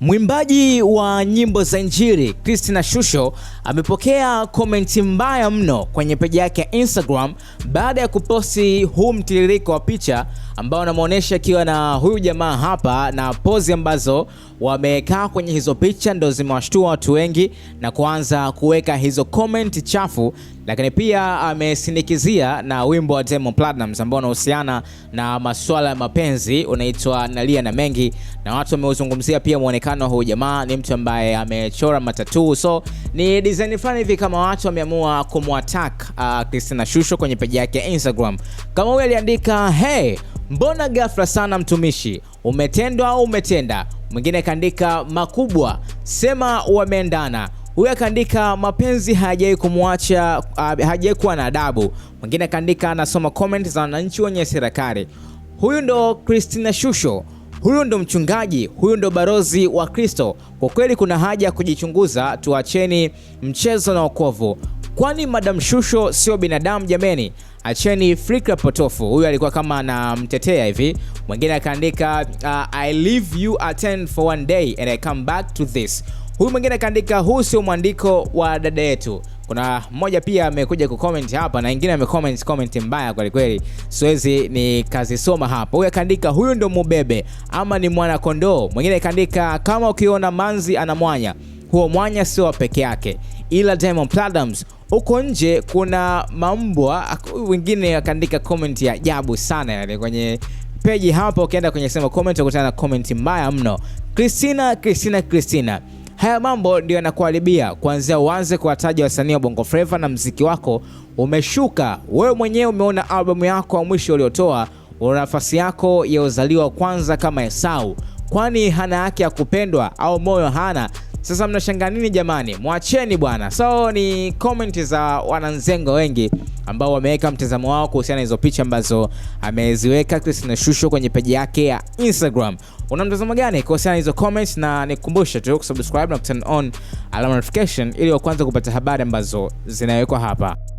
Mwimbaji wa nyimbo za Injili Christina Shusho amepokea komenti mbaya mno kwenye peji yake ya Instagram baada ya kuposti huu mtiririko wa picha ambao anamwonyesha akiwa na huyu jamaa hapa, na pozi ambazo wamekaa kwenye hizo picha ndo zimewashtua watu wengi na kuanza kuweka hizo komenti chafu lakini pia amesindikizia na wimbo wa Diamond Platnumz ambao unahusiana na masuala ya mapenzi unaitwa Nalia na Mengi, na watu wameuzungumzia pia muonekano wa huyu jamaa. Ni mtu ambaye amechora matatu, so ni design fulani hivi, kama watu wameamua kumwattack uh, Christina Shusho kwenye peji yake ya Instagram, kama huyu aliandika hey, mbona ghafla sana mtumishi, umetendwa au umetenda? Mwingine kaandika makubwa, sema wameendana Huyu akaandika mapenzi hajai kumwacha, hajai ah, kuwa na adabu. Mwingine akaandika anasoma comment za wananchi wenye serikali. Huyu ndo Christina Shusho, huyu ndo mchungaji, huyu ndo barozi wa Kristo. Kwa kweli kuna haja ya kujichunguza, tuacheni mchezo na wokovu, kwani Madam Shusho sio binadamu jameni, acheni fikra potofu. Huyu alikuwa kama anamtetea hivi. Mwingine akaandika uh, I leave you attend for one day and I come back to this Huyu mwingine akaandika, huu sio mwandiko wa dada yetu. Kuna mmoja pia amekuja kucomment hapa na ingine amecomment comment mbaya kweli kweli, siwezi ni kazi soma hapa. Huyu akaandika huyu ndo mubebe ama ni mwana kondoo. Mwingine akaandika kama ukiona manzi ana mwanya, huo mwanya sio wa peke yake, ila Diamond Platnumz huko nje kuna mambwa. Wengine akaandika comment ya ajabu sana yale kwenye peji hapo. Ukienda kwenye sema comment ukutana na comment mbaya mno. Christina, Christina, Christina Haya mambo ndio yanakuharibia kuanzia uanze kuwataja wasanii wa Bongo Flava na mziki wako umeshuka. Wewe mwenyewe umeona albamu yako ya mwisho uliotoa, una nafasi yako ya uzaliwa kwanza kama Esau, kwani hana haki ya kupendwa au moyo hana? Sasa mnashangaa nini jamani? Mwacheni bwana. So ni comment za wananzengo wengi ambao wameweka mtazamo wao kuhusiana na hizo picha ambazo ameziweka Christina Shusho kwenye peji yake ya Instagram una mtazamo gani kuhusiana na hizo comments, na nikukumbushe tu kusubscribe na turn on alama notification ili wa kwanza kupata habari ambazo zinawekwa hapa.